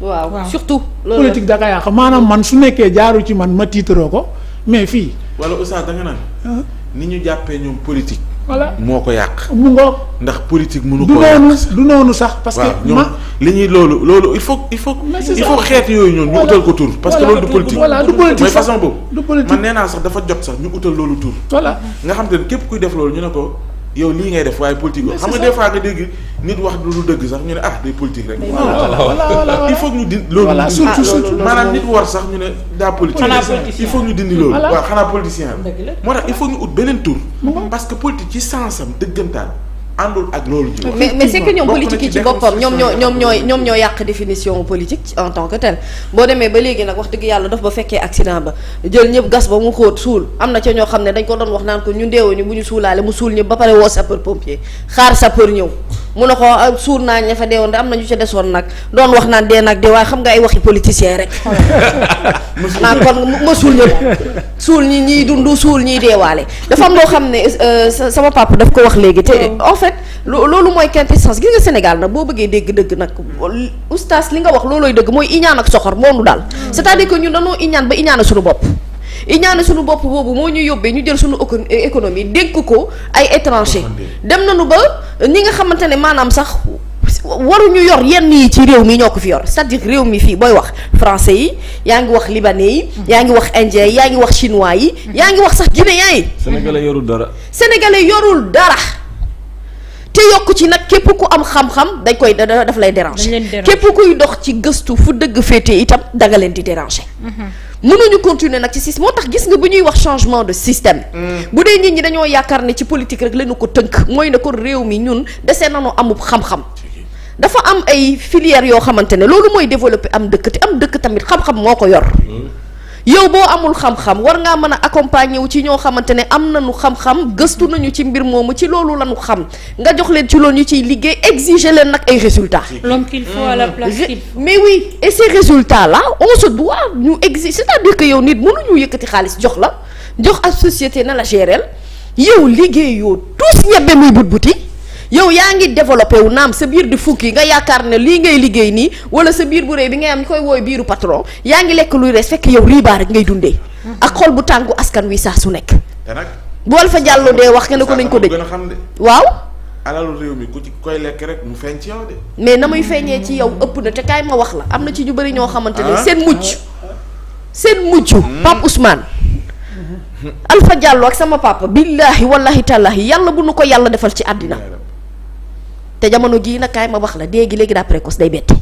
waaw surtout. loolu politique da ka yàq maanaam man su nekkee jaaru ci man ma tiitaroo ko mais fii. wala oustaz da nga naan. ni ñu jàppee ñoom politique. voilà moo ko yàq. mu ngoog ndax politique mënu ko yàq du noonu du noonu sax. parce que ma li ñuy loolu loolu il faut il faut. il faut xeet yooyu ñoom ñu utal ko tur. parce loolu du politique du façon boobu. man nee naa sax dafa jot sax ñu utal loolu tur. voilà nga xam te képp kuy def loolu ñu ne ko. yow lii ngay def waaye politique la xam nga des nga dégg nit wax du dëgg sax ñu ne ah day politique rek. il faut ñu dindi loolu. surtout ah, surtout maanaam nit war sax ñu ne daa politique. il faut ñu dindi loolu. waaw xanaa politicien la. moo tax il faut ñu ut beneen tour parce que politique ci sens am dëggantaan. àndul ak loolu. mais mais c'est que ñoom politique yi ci boppam ñoom ñoo ñoom ñooy ñoom ñoo yàq définition politique en tant que tel boo demee ba léegi nag wax dëgg yàlla daf ba fekkee accident ba jël ñëpp gas ba mu xóot suul am na ca ñoo xam ne dañ ko doon wax naan ko ñu ndeewuñu bu ñu suulaale mu suul ñëpp ba pare woo sapeur pompier xaar sapeur ñëw mu ne ko ah, suur naa ña fa deewoon am na ñu ca desoon nag doon wax naan dee nag de waaye xam nga ay waxi politicien rek. naa ah, kon ma suul ñëpp suul ñi ñiy dund suul ñiy deewaale dafa am loo xam ne euh, sama papa daf ko wax léegi te oh. en fait loolu mooy quintessence gis nga nag boo bëggee dégg dëgg nag oustaz li nga wax loolooy dëgg mooy iñaan ak soxor moo nu daal hmm. c'est-à-dire ñun dañoo iñaan ba iñaan suñu bopp iñaane suñu bopp boobu moo ñu yóbbee ñu jël suñu économie dénk ko ay étranger dem nañu ba ñi nga xamante ne maanaam sax waruñu yor yenn yi ci réew mi ñoo ko fi yor sa à dire réew mi fii booy wax français yi yaa ngi wax libanais yi. yaa ngi wax indien yi yaa ngi wax chinois yi. yaa ngi wax sax guinéen yi. sénégalais yorul dara. sénégalais yorul dara. ca yokk ci nag képp ku am xam-xam dañ koy daf lay déranger képp kuy dox ci gëstu fu dëgg féete itam da nga leen di déranger mm-hmm. nañu continuer nag ci système moo tax gis nga bu ñuy wax changement de système mm. bu dee nit ñi dañoo yaakaar ne ci politique rek leenu ko tënk mooy ne ko réew mi ñun desee nañu amub xam-xam dafa am ay filières yoo xamante ne loolu mooy développer am dëkk te am dëkk tamit xam-xam moo ko yor mm. yow boo amul xam-xam war ngaa mën a accompagner wu ci ñoo xamante ne am nañu xam-xam gëstu nañu ci mbir moomu ci loolu lañu xam nga jox leen ci loolu ñu ciy liggéey exiger leen nag ay résultats. l'homme qu'il faut à la place qu'il faut. mais oui et ces résultats là on se ñu exiger c'est-à-dire que yow nit mënuñu yëkkati xaalis jox la jox ab société na la gérer yow liggéeyoo tous ñebe muy but buti yow yaa ngi développé wu naam sa biir di fukki nga yaakaar ne lii ngay liggéey nii wala sa biir bu rëy bi ngay am ñu koy wooy biiru patron yaa ngi lekk luy res fekk yow riibaa rek ngay dundee mhm. ak xol bu tàngu askan wi saa su nekk bu wal jàllo dee wax nga ne ko nañ ko dëj waaw alalu réew mi ku ci koy lekk rek mu feeñ ci yow mais na muy feeñee ci yow ëpp na te kaay ma wax la am na ci ñu bari ñoo xamante ne ah. seen mujj seen mujj hmm. Pape Ousmane hmm. Alpha Diallo ak sama papa billaahi wallahi tallaahi yàlla bu nu ko yàlla defal ci àddina te jamono jii nag kaay ma wax la déegi léegi daa précoce day betti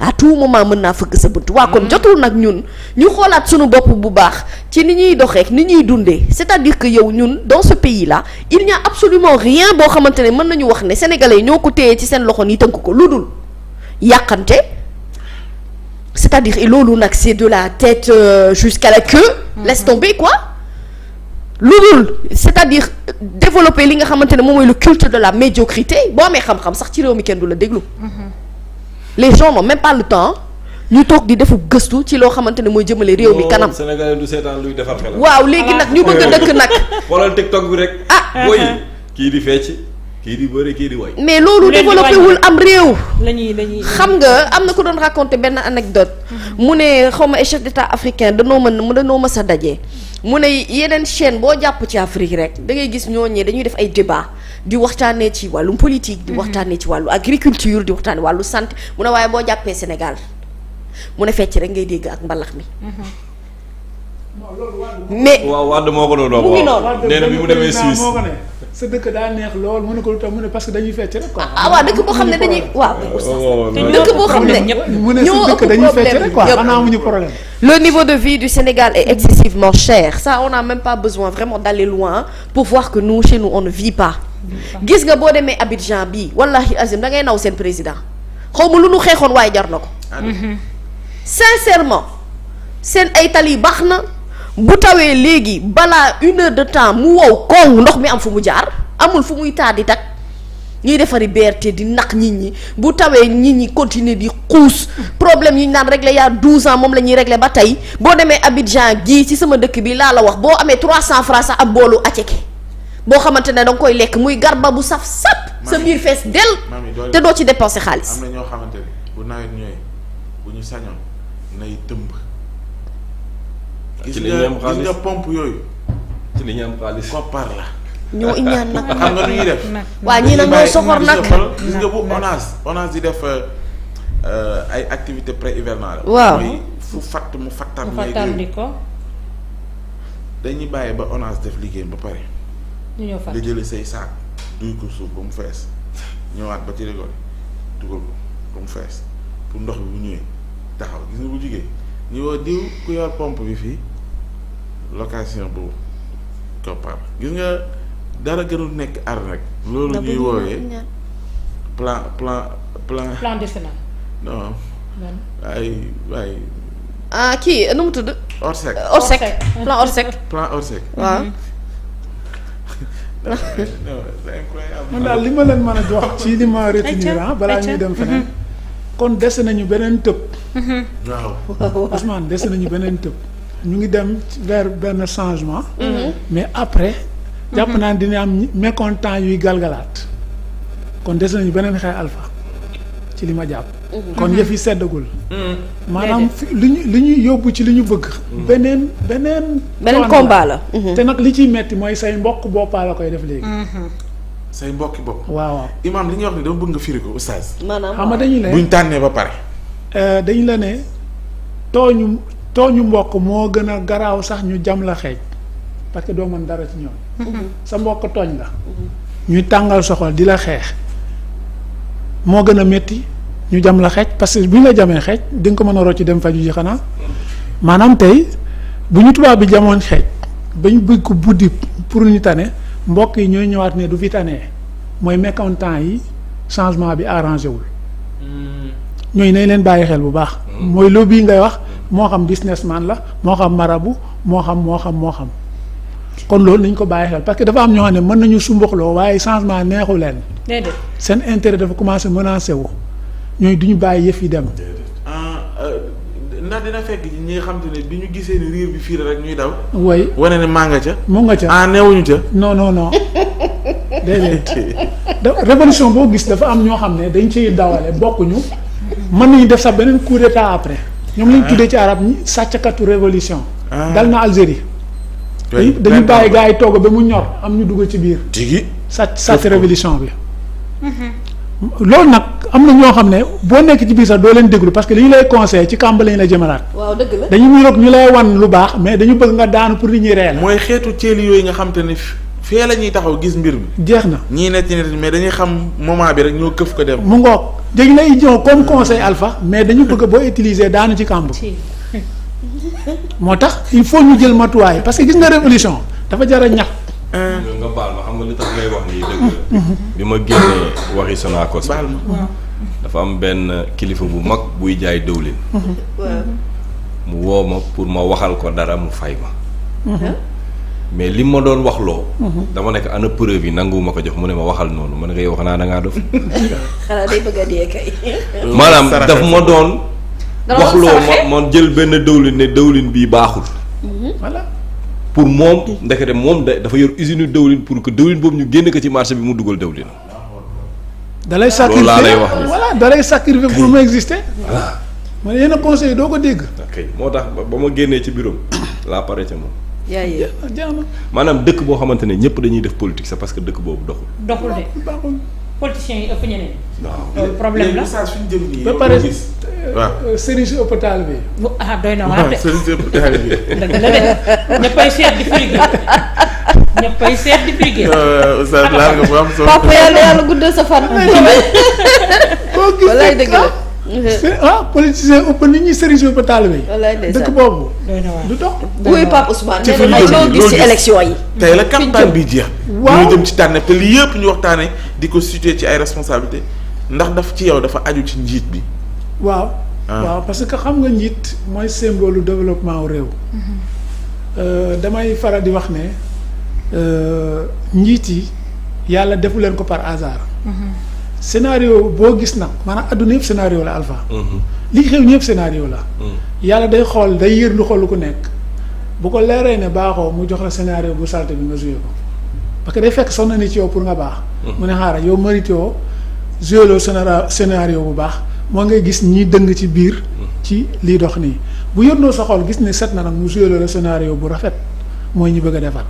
à tout moment mën naa fëgg sa bunt waa kon mm. jotul nag ñun ñu xoolaat suñu bopp bu baax ci ni ñuy doxee ni ñuy dundee c'est-à-dire que yow ñun dans ce pays là il n'y a absolument rien boo xamante ne mën nañu wax ne sénégalais ñoo ko téye ci seen loxo ni tënk ko lu dul yàqante c'est-à-dire loolu nag c'est de la tête euh, jusqu'à la queue mm-hmm. laisse tomber quoi lu dul c'est-à-dire développer li nga xamante ne moom mooy lu culte de la médiocrité boo amee xam-xam sax ci réew mi kenn du la déglu mm-hmm. les gens n'ont même pas le temps ñu toog di defu gëstu ci loo xamante ne mooy jëmale réew mi kanam Sénégalais du seetaan luy defar xelam waaw léegi nag ñu bëgg a dëkk nag xoolal TikTok bi rek ah booy kii di fecc kii di bëre kii di way mais loolu développé wul am réew. xam nga am na ko doon raconté benn anecdote mhm. mu ne xaw ma chef d'état africain danoo mën mu danoo mës sa daje. mu ne yeneen chaîne boo jàpp ci Afrique rek da ngay gis ñooñee dañuy def ay débat di waxtaanee ci wàllum politique. di mhm. waxtaanee ci wàllu agriculture di waxtaanee wàllu santé mu ne waaye boo jàppee Sénégal mu ne fecc rek ngay dégg ak mbalax mi. Mhm. mais waaw Wade moo ko doon wax. mu bi mu demee Suisse sa dëkk daa neex lool mu ne ko lu tax mu ne parce que dañuy fecc rek quoi. ah waaw dëkk boo xam ne dañuy. waaw dëkk boo xam ne ñoo ëpp problème quoi xanaa amuñu problème. le niveau de vie du Sénégal est excessivement cher ça on n'a même pas besoin vraiment d'aller loin pour voir que nous chez on ne vit pas. gis nga boo demee Abidjan bii wallahi azim da ngay naw seen président xaw ma lu nu xeexoon waaye jar na ko. sincèrement seen ay tali baax na. bu tawee léegi balaa une heure de temps mu wow koŋ ndox mi am fu mu jaar amul fu muy taa di tag ñuy defari BRT di naq nit ñi bu tawee nit ñi continuer di xuus problème yi ñu naan réglé yaa 12 ans moom la ñuy réglé ba tey boo demee Abidjan gii ci sama dëkk bi laa la wax boo amee 300 francs sax ab boolu aceke boo xamante ne danga koy lekk muy garba bu saf sap sa biir fees del te doo ci dépensé xaalis. am bu nawet ñëwee gis nga gis yooyu. ci li ñu am xaalis koppar la. ñoo ñaan nag xam nga nu def. waa ñii nag ñoo soxor nag gis nga bu ONAS ONAS di def euh, ay activité pré hivernale. waaw mooy fu fatt mu fattam. mu fattam ni ko dañuy bàyyi ba ONAS def liggéeyam ba pare. ñu nga jëlee say saak duy ko suuf ba mu fees ñëwaat ba ci récolte dugal ko ba mu fees pour ndox bi bu ñëwee taxaw gis nga bu jugee ñu diw ku yor pompe bi fii. location bu koppar gis nga dara gënul nekk ar rek loolu ñuy woowee plan plan plan plan décennal non ay waaye ah kii nu mu tudd orsec orsec plan orsec plan orsec waaw mm-hmm. man daal li ma leen mën a jox ci li ma retenir ah, balaa ñuy dem feneen mm-hmm. kon dese nañu beneen tëb waaw Ousmane dese nañu beneen tëb ñu ngi dem vers benn changement. Mhm. mais après. jàpp mhm. naa ni dina am mécontent yuy galgalaat kon des nañu beneen xeex alfa ci li ma jàpp. Mhm. kon yëf yi seddagul. maanaam li ñu li ñuy yóbbu ci li ñu bëgg. beneen beneen. beneen combat la. te nag li ciy metti mooy say mbokk boppaa la koy def léegi. say mbokki bopp. waaw waaw imaam li ñuy wax ni dama bëgg nga firi ko oustaz. maanaam xam nga dañu ne buñ tànnee ba pare. Euh, dañu la ne tooñu ñu mbokk moo gën a garaaw sax ñu jam la xeej parce que doo mën dara ci ñoom mhm. sa mbokk tooñ la mhm. ñuy tàngal soxoo di la xeex moo gën a métti ñu jam la xeej parce que bu ñu jamee xeej di nga ko mën a rocc dem faju ji xanaa maanaam tey bu ñu tubaab bi jamoon xeej bañ bëgg ko buddi pour ñu tane mbokk yi ñooy ñëwaat ne du fi tanee mooy mécontent yi changement bi arrangé wul mm. ñooy nañ leen bàyyi xel bu baax mm. mooy lobby ngay wax moo xam businessman la moo xam marabu moo xam moo xam moo xam kon loolu nañ ko bàyyi xel parce que dafa am ñoo xam ne mën nañu sumbaxloo waaye changement neexu leen. déedéet seen intérêt dafa commencé menacé wu ñooy du ñu bàyyi yëf yi dem. Ah, euh, ndax dina fekk ñi nga xam ne bi ñu gisee ni riir rek ñuy daw. way wane ne maa nga ca. mu nga ca ah neewuñu ca. non non non déedéet da gis dafa am ñoo xam ne dañ ciy dawale bokkuñu mën nañu def sa beneen coup d'état après. ñoom lañ tuddee ci arab sàcc katu révolution ah. dal na Algérie dañu bàyyi gars yi toog ba mu ñor am ñu dugal ci biir tigi sàcc sàcc révolution bi mhm. loolu nag am na ñoo xam ne boo nekk ci biir sax doo leen déglu parce que li ñu lay conseil ci kàmb lañu lay jëmalaat. waaw dëgg la dañu ñu lay wan lu baax mais dañu bëgg nga daanu pour nit ñi ree la. mooy xeetu ceeli yi nga xam te ne fee la ñuy taxaw gis mbir mi. jeex na ñii ne ci mais dañuy xam moment bi rek ñoo këf ko dem. mu ngoog léegi lay ñëw comme conseil alpha mais dañu bëgg boo utiliser daanu ci kàmb. moo tax il faut ñu jël matuwaay parce que gis nga révolution dafa jar a ñax. Euh. nga nga li tax ngay mhm. bi ma génnee waxi Sonacos. baal ma dafa am benn kilifa bu mag buy jaay dëwlin. Mhm. mu woo ma pour ma waxal ko dara mu fay ma. mais li ma doon wax loo. Mhm. dama nekk ana preuve yi nanguwuma ko jox mu ne ma waxal noonu ma ne koy wax naa da ngaa dof. xanaa a dee kay. maanaam daf ma doon. wax loo ma jël benn dëwlin ne dëwlin bii baaxul. Mhm. voilà pour moom ndekete moom dafa yor usine dëwlin pour que dëwlin boobu ñu génn ko ci marché bi mu dugal dëwlin. da lay sacrifier loolu laa lay wax voilà da lay sacrifier pour mu exister. voilà man yenn conseil doo ko dégg. moo tax ba ma génnee ci bureau laa pare ca moom. yaay jaama maanaam dëkk boo xamante ne ñëpp dañuy def politique sax parce que dëkk boobu doxul. doxul de baaxul. politiciens yi ëpp ñeneen. Euh, euh, waaw problème la ba pare bi. ah doy na waar de. la de ñëppay seet di frigé ñëppay seet di frigé. Euh, papa yàlla yàlla guddal sa fan. walaay dëgg la. Ah. Euh, ah politicien ëpp nit ñi sëriñ si ëpp taalibe yi. dëkk boobu. du dox. wuy Pape Ousmane. ci fi ñu gis ci élection yi. tey la campagne bi jeex. waaw ñu jëm ci tànn te yëpp ñu waxtaanee di ko situé ci ay responsabilité ndax daf ci yow dafa aju ci njiit bi. waaw. Ah. waaw parce que xam nga njiit mooy symbole développement wu réew. Mm-hmm. Euh, damay faral di wax ne euh, njiit yi yàlla defu leen ko par hasard. Mm-hmm. scénario boo gis nag maanaam àdduna yëpp scénario la Alpha. Mhm. lii xew ñëpp scénario la. Mhm. yàlla day xool day yër lu xool lu ko nekk bu ko leeree ne baaxoo mu jox la scénario bu salte bi nga joué ko parce que day fekk sonn ni ci yow pour nga baax. Mhm. mu ne xaaral yow mérité woo joué loo scénario bu baax moo ngay gis ñi dëng ci biir. ci lii dox nii bu yërndoo sa xool gis ne set na nag mu joué loo scénario bu rafet mooy ñi bëgg a defar.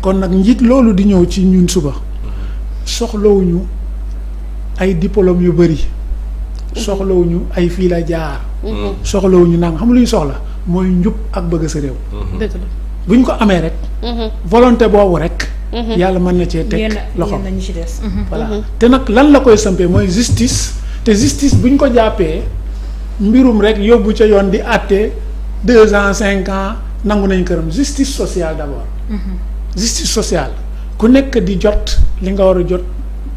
kon nag njiit loolu di ñëw ci ñun suba soxlawuñu. ay diplôme yu bëri soxlawuñu ay fii la jaar mhm. soxlawuñu nangam xam lu soxla mooy njub ak bëgg sa réew mhm. buñ ko amee rek mhm. volonté boobu rek yàlla mën na cee teg loxo voilà te nag lan la koy sampee mooy justice te justice buñ ko jàppee mbirum rek yóbbu ca yoon di àtte deux ans cinq ans nangu nañ këram justice sociale d'abord justice sociale ku nekk di jot li nga war a jot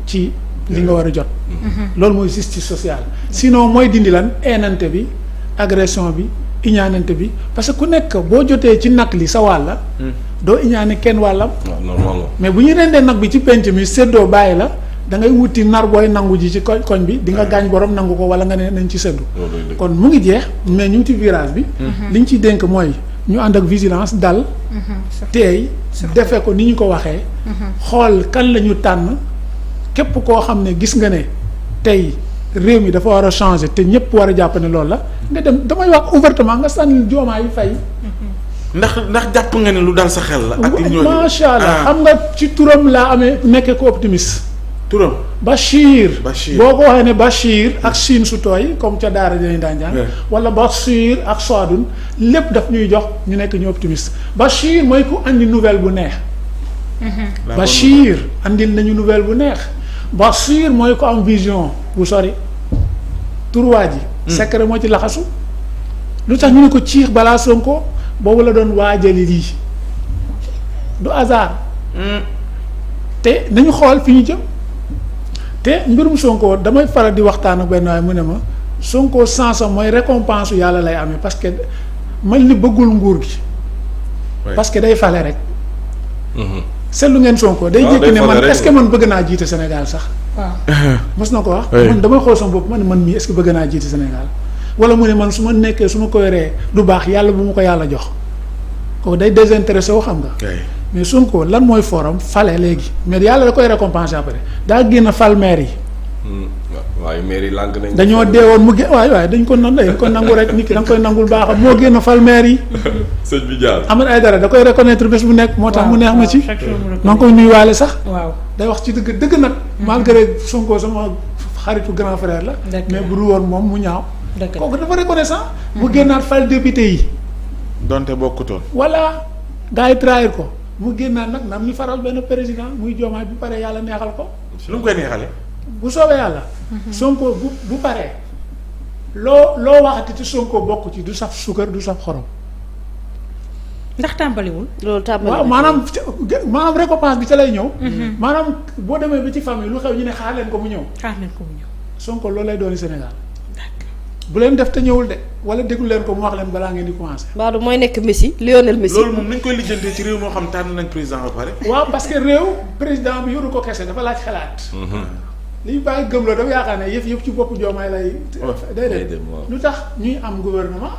ci li nga war a jot mm-hmm. loolu mooy justice sociale sinon mooy dindi lan eenante bi agression bi iñaanante bi parce que ku nekk boo jotee ci nag li sa wàlla hmm. doo iñaane kenn wàllam ah, mais bu ñu rendee nag bi ci penc mi séddoo bàyyi la da ngay wuti nar booy nangu ji ci koñ koñ bi di nga hmm. gaañ borom nangu ko wala nga ne nañ ci séddu kon mu ngi jeex mais ñu ngi ci virage bi li hmm. liñ ci dénk mooy ñu ànd ak vigilance dal teey defe ko ni ñu ko waxee xool kan la ñu tànn képp koo xam ne gis nga ne tey réew mi dafa war a changé te ñëpp war a jàpp ne loolu la nga dem damay wax ouvertement nga sànni joomaa yi fay. ndax ndax jàpp nga ne lu dal sa xel la. ak ñooñu macha allah ah. xam nga ci turam laa amee nekkee ko optimiste. turam Bachir. Bachir boo ko waxee ne Bachir ak Siin su tooy comme ca Daara dinañ daan jàng. wala Bachir ak Soadun lépp daf ñuy jox ñu nekk ñu optimiste Bachir mooy ku andi nouvelle bu neex. Mm-hmm. Bachir andil nañu nouvelle bu neex. basiir mooy ko am vision bu sori turwaa ji hmm. secret moo ci laxasu lu tax ñu ne ko ciix balaa Sonko boobu la doon waajali lii du hasard hmm. te nañu xool fi ñu jëm te mbirum Sonko damay faral di waxtaan ak benn waay mu ne ma Sonko sansam mooy récompense yàlla lay amee parce que mel ni bëggul nguur gi parce que day fale rek hmm. seetlu ngeen Sonko ah, day jékki ne man est-ce que man bëgg naa jiite Sénégal sax waaw mos na ko wax man damay xool sama bopp man man mii est bëgg naa jiite Sénégal wala mu ne man su ma nekkee su ma ko yoree du baax yàlla bu ma ko yàlla jox kooku day désintéressé wu xam nga mais ko lan mooy forum fale léegi mais yàlla da koy récompenser après daa génn fal yi hmm. waaye maire yi dañoo deewoon mu gé waay waay dañ ko nan dañ ko nangu rek nit ki da nga koy nangul baaxam moo génn fal maire yi. sëñ bi jaar Ahmed Aïdara da koy reconnaître bés mu nekk. moo tax mu neex ma ci. maa ngi koy nuyuwaale sax. waaw day wax ci dëgg dëgg nag. Mhm. malgré Sonko sama xaritu grand frère la. mais bu dul woon moom mu ñaaw. kooku dafa reconnaissant. Mhm. mu génnaat fal député yi. donte bokkutoon. voilà gars yi trahir ko mu génnaat nag nam ñu faral benn président muy joomaay bu pare yàlla neexal ko. lu mu koy neexalee. bu soobee yàlla. Mhm. Sonko bu bu paree loo loo waxati ci Sonko bokk ci du saf suukar du saf xorom. ndax tàmbaliwul. loolu tàmbaliwul waaw maanaam maanaam récompense bi ca lay ñëw. Mhm. maanaam boo demee bi ci famille lu xew ñu ne xaar leen ko mu ñëw. xaar leen ko mu ñëw. Sonko loolu lay doon Sénégal. bu leen def te ñëwul de wala déglu leen ko mu wax leen balaa ngeen di commencé. Badou mooy nekk Messi Lionel Messi. loolu moom nañ koy lijjantee ci réew moo xam tànn nañ président ba pare. waaw parce que réew président bi yoru ko kese dafa laaj xalaat. Mhm. liñ bàyyi gëm la dafa yaakaar ne yëf yëpp ci boppu Diomaye lay. déedéet lu tax ñuy am gouvernement.